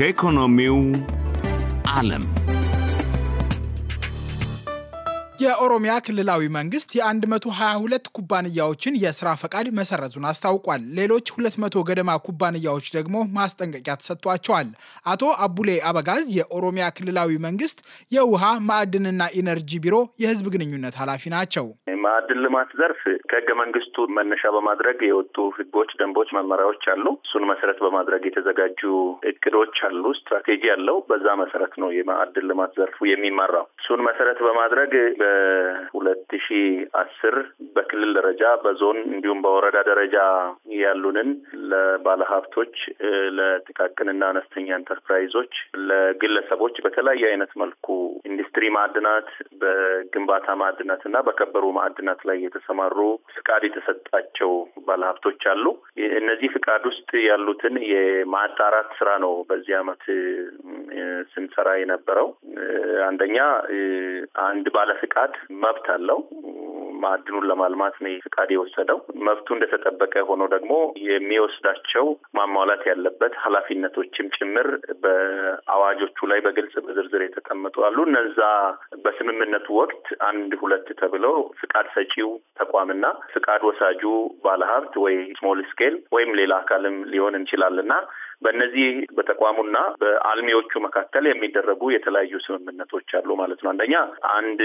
ከኢኮኖሚው ዓለም የኦሮሚያ ክልላዊ መንግስት የ122 ኩባንያዎችን የስራ ፈቃድ መሰረዙን አስታውቋል። ሌሎች 200 ገደማ ኩባንያዎች ደግሞ ማስጠንቀቂያ ተሰጥቷቸዋል። አቶ አቡሌ አበጋዝ የኦሮሚያ ክልላዊ መንግስት የውሃ ማዕድንና ኢነርጂ ቢሮ የህዝብ ግንኙነት ኃላፊ ናቸው። ማዕድን ልማት ዘርፍ ከህገ መንግስቱ መነሻ በማድረግ የወጡ ህጎች፣ ደንቦች፣ መመሪያዎች አሉ። እሱን መሰረት በማድረግ የተዘጋጁ እቅዶች አሉ። ስትራቴጂ አለው። በዛ መሰረት ነው የማዕድን ልማት ዘርፉ የሚመራው። እሱን መሰረት በማድረግ ሁለት ሺ አስር በክልል ደረጃ በዞን እንዲሁም በወረዳ ደረጃ ያሉንን ለባለሀብቶች፣ ለጥቃቅንና አነስተኛ ኢንተርፕራይዞች፣ ለግለሰቦች በተለያየ አይነት መልኩ ኢንዱስትሪ ማዕድናት፣ በግንባታ ማዕድናት እና በከበሩ ማዕድናት ላይ የተሰማሩ ፍቃድ የተሰጣቸው ባለሀብቶች አሉ። እነዚህ ፍቃድ ውስጥ ያሉትን የማጣራት ስራ ነው በዚህ አመት ስንሰራ የነበረው አንደኛ አንድ ባለፍቃድ ፍቃድ መብት አለው። ማዕድኑን ለማልማት ነው ፍቃድ የወሰደው። መብቱ እንደተጠበቀ ሆኖ ደግሞ የሚወስዳቸው ማሟላት ያለበት ኃላፊነቶችም ጭምር በአዋጆቹ ላይ በግልጽ በዝርዝር የተቀመጡ አሉ። እነዛ በስምምነቱ ወቅት አንድ ሁለት ተብለው ፍቃድ ሰጪው ተቋምና ፍቃድ ወሳጁ ባለሀብት ወይ ስሞል ስኬል ወይም ሌላ አካልም ሊሆን እንችላል እና በእነዚህ በተቋሙና በአልሚዎቹ መካከል የሚደረጉ የተለያዩ ስምምነቶች አሉ ማለት ነው። አንደኛ አንድ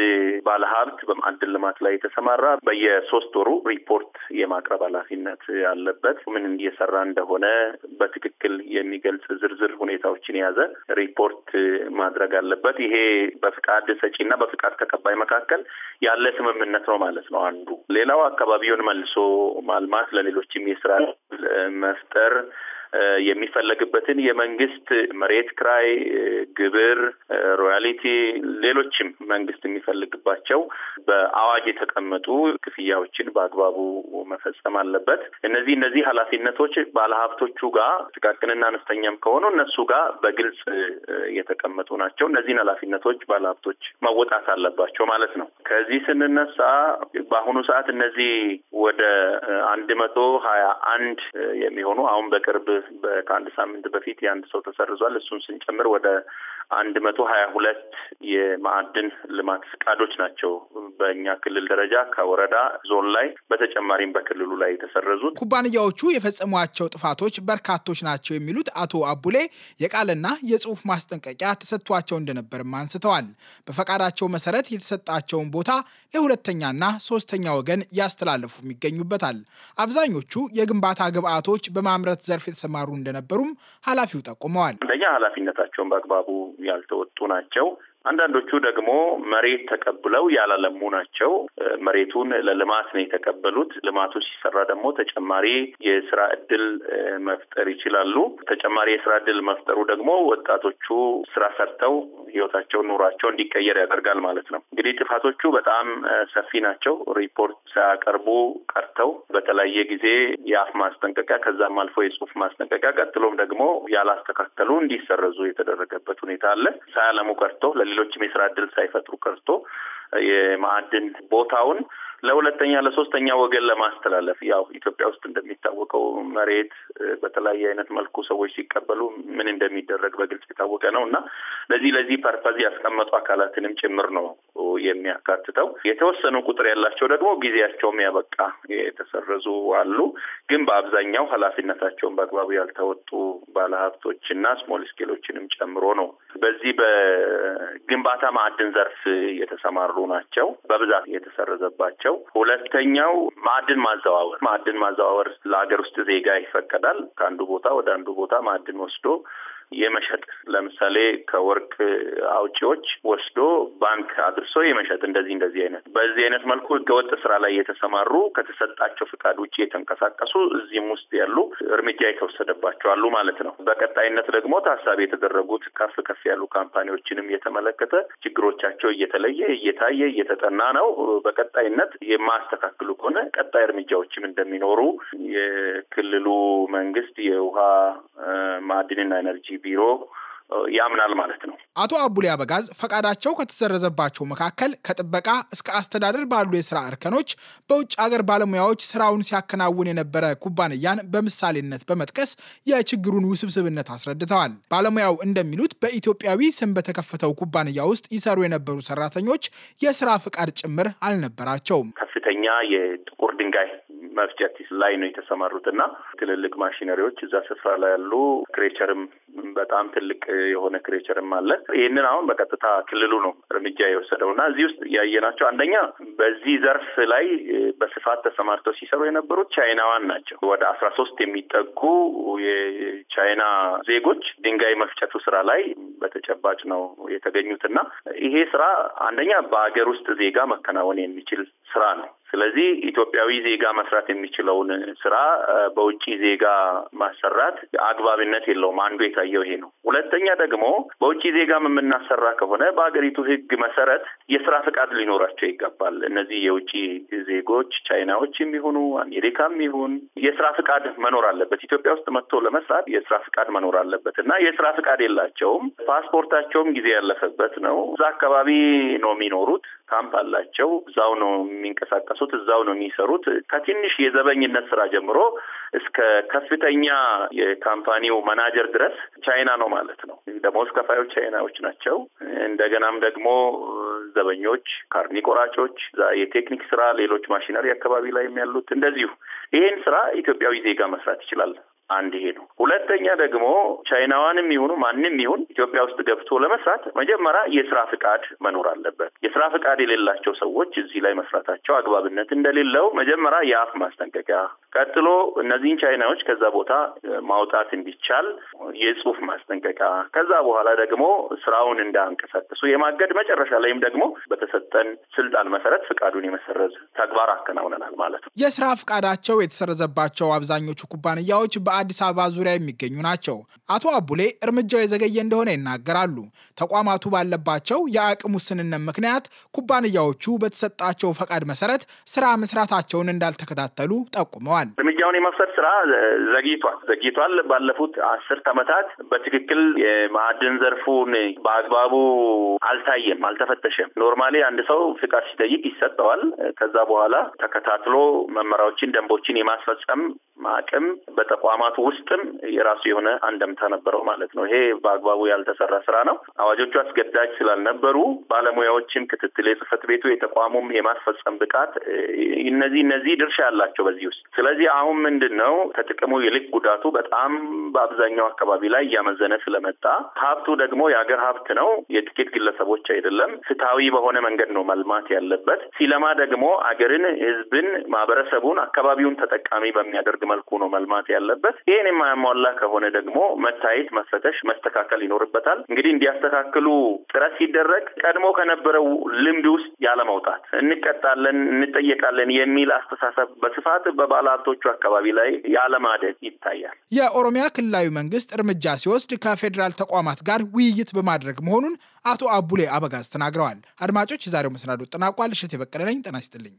ባለሀብት በማዕድን ልማት ላይ የተሰማራ በየሶስት ወሩ ሪፖርት የማቅረብ ኃላፊነት አለበት። ምን እየሰራ እንደሆነ በትክክል የሚገልጽ ዝርዝር ሁኔታዎችን የያዘ ሪፖርት ማድረግ አለበት። ይሄ በፍቃድ ሰጪና በፍቃድ ተቀባይ መካከል ያለ ስምምነት ነው ማለት ነው አንዱ። ሌላው አካባቢውን መልሶ ማልማት ለሌሎችም የስራ መፍጠር የሚፈለግበትን የመንግስት መሬት ክራይ፣ ግብር፣ ሮያሊቲ፣ ሌሎችም መንግስት የሚፈልግባቸው በአዋጅ የተቀመጡ ክፍያዎችን በአግባቡ መፈጸም አለበት። እነዚህ እነዚህ ኃላፊነቶች ባለሀብቶቹ ጋር ጥቃቅንና አነስተኛም ከሆኑ እነሱ ጋር በግልጽ የተቀመጡ ናቸው። እነዚህን ኃላፊነቶች ባለሀብቶች መወጣት አለባቸው ማለት ነው። ከዚህ ስንነሳ በአሁኑ ሰዓት እነዚህ ወደ አንድ መቶ ሀያ አንድ የሚሆኑ አሁን በቅርብ ከአንድ ሳምንት በፊት የአንድ ሰው ተሰርዟል። እሱን ስንጨምር ወደ አንድ መቶ ሀያ ሁለት የማዕድን ልማት ፍቃዶች ናቸው በእኛ ክልል ደረጃ ከወረዳ ዞን ላይ በተጨማሪም በክልሉ ላይ የተሰረዙት። ኩባንያዎቹ የፈጸሟቸው ጥፋቶች በርካቶች ናቸው የሚሉት አቶ አቡሌ የቃልና የጽሁፍ ማስጠንቀቂያ ተሰጥቷቸው እንደነበርም አንስተዋል። በፈቃዳቸው መሰረት የተሰጣቸውን ቦታ ለሁለተኛና ሶስተኛ ወገን ያስተላለፉም ይገኙበታል። አብዛኞቹ የግንባታ ግብዓቶች በማምረት ዘርፍ የተሰማሩ እንደነበሩም ኃላፊው ጠቁመዋል። አንደኛ ኃላፊነታቸውን በአግባቡ ያልተወጡ ናቸው። አንዳንዶቹ ደግሞ መሬት ተቀብለው ያላለሙ ናቸው። መሬቱን ለልማት ነው የተቀበሉት። ልማቱ ሲሰራ ደግሞ ተጨማሪ የስራ እድል መፍጠር ይችላሉ። ተጨማሪ የስራ እድል መፍጠሩ ደግሞ ወጣቶቹ ስራ ሰርተው ህይወታቸውን፣ ኑሯቸው እንዲቀየር ያደርጋል ማለት ነው። እንግዲህ ጥፋቶቹ በጣም ሰፊ ናቸው። ሪፖርት ሳያቀርቡ ቀርተው በተለያየ ጊዜ የአፍ ማስጠንቀቂያ ከዛም አልፎ የጽሁፍ ማስጠንቀቂያ ቀጥሎም ደግሞ ያላስተካከሉ እንዲሰረዙ የተደረገበት ሁኔታ አለ። ሳያለሙ ቀርተው ሌሎችም የስራ እድል ሳይፈጥሩ ቀርቶ የማዕድን ቦታውን ለሁለተኛ ለሶስተኛ ወገን ለማስተላለፍ ያው ኢትዮጵያ ውስጥ እንደሚታወቀው መሬት በተለያየ አይነት መልኩ ሰዎች ሲቀበሉ ምን እንደሚደረግ በግልጽ የታወቀ ነው እና ለዚህ ለዚህ ፐርፐዝ ያስቀመጡ አካላትንም ጭምር ነው የሚያካትተው። የተወሰኑ ቁጥር ያላቸው ደግሞ ጊዜያቸውም ያበቃ የተሰረዙ አሉ። ግን በአብዛኛው ኃላፊነታቸውን በአግባቡ ያልተወጡ ባለሀብቶች እና ስሞል ስኬሎችንም ጨምሮ ነው። በዚህ በግንባታ ማዕድን ዘርፍ የተሰማሩ ናቸው በብዛት የተሰረዘባቸው ናቸው። ሁለተኛው ማዕድን ማዘዋወር ማዕድን ማዘዋወር ለሀገር ውስጥ ዜጋ ይፈቀዳል። ከአንዱ ቦታ ወደ አንዱ ቦታ ማዕድን ወስዶ የመሸጥ ለምሳሌ ከወርቅ አውጪዎች ወስዶ ባንክ አድርሶ የመሸጥ እንደዚህ እንደዚህ አይነት በዚህ አይነት መልኩ ህገወጥ ስራ ላይ የተሰማሩ ከተሰጣቸው ፍቃድ ውጭ የተንቀሳቀሱ እዚህም ውስጥ ያሉ እርምጃ የተወሰደባቸው አሉ ማለት ነው። በቀጣይነት ደግሞ ታሳቢ የተደረጉት ከፍ ከፍ ያሉ ካምፓኒዎችንም የተመለከተ ችግሮቻቸው እየተለየ እየታየ እየተጠና ነው። በቀጣይነት የማያስተካክሉ ከሆነ ቀጣይ እርምጃዎችም እንደሚኖሩ የክልሉ መንግስት የውሃ ማዕድንና ኤነርጂ ቢሮ ያምናል ማለት ነው። አቶ አቡሌ አበጋዝ ፈቃዳቸው ከተሰረዘባቸው መካከል ከጥበቃ እስከ አስተዳደር ባሉ የስራ እርከኖች በውጭ አገር ባለሙያዎች ስራውን ሲያከናውን የነበረ ኩባንያን በምሳሌነት በመጥቀስ የችግሩን ውስብስብነት አስረድተዋል። ባለሙያው እንደሚሉት በኢትዮጵያዊ ስም በተከፈተው ኩባንያ ውስጥ ይሰሩ የነበሩ ሰራተኞች የስራ ፍቃድ ጭምር አልነበራቸውም። ከፍተኛ የጥቁር ድንጋይ መፍጨት ላይ ነው የተሰማሩት እና ትልልቅ ማሽነሪዎች እዛ ስፍራ ላይ ያሉ ክሬቸርም በጣም ትልቅ የሆነ ክሬቸርም አለ። ይህንን አሁን በቀጥታ ክልሉ ነው እርምጃ የወሰደው እና እዚህ ውስጥ ያየናቸው አንደኛ በዚህ ዘርፍ ላይ በስፋት ተሰማርተው ሲሰሩ የነበሩት ቻይናዋን ናቸው። ወደ አስራ ሶስት የሚጠጉ የቻይና ዜጎች ድንጋይ መፍጨቱ ስራ ላይ በተጨባጭ ነው እና ይሄ ስራ አንደኛ በሀገር ውስጥ ዜጋ መከናወን የሚችል ስራ ነው። ስለዚህ ኢትዮጵያዊ ዜጋ መስራት የሚችለውን ስራ በውጭ ዜጋ ማሰራት አግባብነት የለውም። አንዱ የታየው ይሄ ነው። ሁለተኛ ደግሞ በውጭ ዜጋም የምናሰራ ከሆነ በሀገሪቱ ሕግ መሰረት የስራ ፍቃድ ሊኖራቸው ይገባል። እነዚህ የውጭ ዜጎች ቻይናዎች የሚሆኑ አሜሪካም ይሁን የስራ ፍቃድ መኖር አለበት። ኢትዮጵያ ውስጥ መጥቶ ለመስራት የስራ ፍቃድ መኖር መኖር አለበት እና የስራ ፍቃድ የላቸውም። ፓስፖርታቸውም ጊዜ ያለፈበት ነው። እዛ አካባቢ ነው የሚኖሩት። ካምፕ አላቸው። እዛው ነው የሚንቀሳቀሱት፣ እዛው ነው የሚሰሩት። ከትንሽ የዘበኝነት ስራ ጀምሮ እስከ ከፍተኛ የካምፓኒው መናጀር ድረስ ቻይና ነው ማለት ነው። ደሞዝ ከፋዮች ቻይናዎች ናቸው። እንደገናም ደግሞ ዘበኞች፣ ካርኒ ቆራጮች፣ የቴክኒክ ስራ፣ ሌሎች ማሽነሪ አካባቢ ላይ ያሉት እንደዚሁ። ይህን ስራ ኢትዮጵያዊ ዜጋ መስራት ይችላል። አንድ ይሄ ነው። ሁለተኛ ደግሞ ቻይናዋንም ይሁኑ ማንም ይሁን ኢትዮጵያ ውስጥ ገብቶ ለመስራት መጀመሪያ የስራ ፍቃድ መኖር አለበት። የስራ ፍቃድ የሌላቸው ሰዎች እዚህ ላይ መስራታቸው አግባብነት እንደሌለው መጀመሪያ የአፍ ማስጠንቀቂያ፣ ቀጥሎ እነዚህን ቻይናዎች ከዛ ቦታ ማውጣት እንዲቻል የጽሁፍ ማስጠንቀቂያ፣ ከዛ በኋላ ደግሞ ስራውን እንዳንቀሳቀሱ የማገድ መጨረሻ ላይም ደግሞ በተሰጠን ስልጣን መሰረት ፍቃዱን የመሰረዝ ተግባር አከናውነናል ማለት ነው። የስራ ፍቃዳቸው የተሰረዘባቸው አብዛኞቹ ኩባንያዎች በ በአዲስ አበባ ዙሪያ የሚገኙ ናቸው። አቶ አቡሌ እርምጃው የዘገየ እንደሆነ ይናገራሉ። ተቋማቱ ባለባቸው የአቅም ውስንነት ምክንያት ኩባንያዎቹ በተሰጣቸው ፈቃድ መሰረት ስራ መስራታቸውን እንዳልተከታተሉ ጠቁመዋል። እርምጃውን የመውሰድ ስራ ዘግይቷል ዘግይቷል። ባለፉት አስርት ዓመታት በትክክል የማዕድን ዘርፉን በአግባቡ አልታየም፣ አልተፈተሸም። ኖርማሊ አንድ ሰው ፍቃድ ሲጠይቅ ይሰጠዋል። ከዛ በኋላ ተከታትሎ መመሪያዎችን፣ ደንቦችን የማስፈጸም ማቅም በተቋማቱ ውስጥም የራሱ የሆነ አንደምታ ነበረው ማለት ነው። ይሄ በአግባቡ ያልተሰራ ስራ ነው። አዋጆቹ አስገዳጅ ስላልነበሩ ባለሙያዎችም ክትትል፣ የጽህፈት ቤቱ የተቋሙም የማስፈጸም ብቃት እነዚህ እነዚህ ድርሻ ያላቸው በዚህ ውስጥ። ስለዚህ አሁን ምንድን ነው ከጥቅሙ ይልቅ ጉዳቱ በጣም በአብዛኛው አካባቢ ላይ እያመዘነ ስለመጣ ሀብቱ ደግሞ የሀገር ሀብት ነው፣ የጥቂት ግለሰቦች አይደለም። ፍትሐዊ በሆነ መንገድ ነው መልማት ያለበት። ሲለማ ደግሞ አገርን፣ ህዝብን፣ ማህበረሰቡን፣ አካባቢውን ተጠቃሚ በሚያደርግ መልኩ ነው መልማት ያለበት። ይህን የማያሟላ ከሆነ ደግሞ መታየት፣ መፈተሽ፣ መስተካከል ይኖርበታል። እንግዲህ እንዲያስተካክሉ ጥረት ሲደረግ ቀድሞ ከነበረው ልምድ ውስጥ ያለመውጣት እንቀጣለን፣ እንጠየቃለን የሚል አስተሳሰብ በስፋት በባለሀብቶቹ አካባቢ ላይ ያለማደግ ይታያል። የኦሮሚያ ክልላዊ መንግስት እርምጃ ሲወስድ ከፌዴራል ተቋማት ጋር ውይይት በማድረግ መሆኑን አቶ አቡሌ አበጋዝ ተናግረዋል። አድማጮች፣ የዛሬው መሰናዶ ጠናቋል። እሸት የበቀለ ነኝ። ጤና ይስጥልኝ።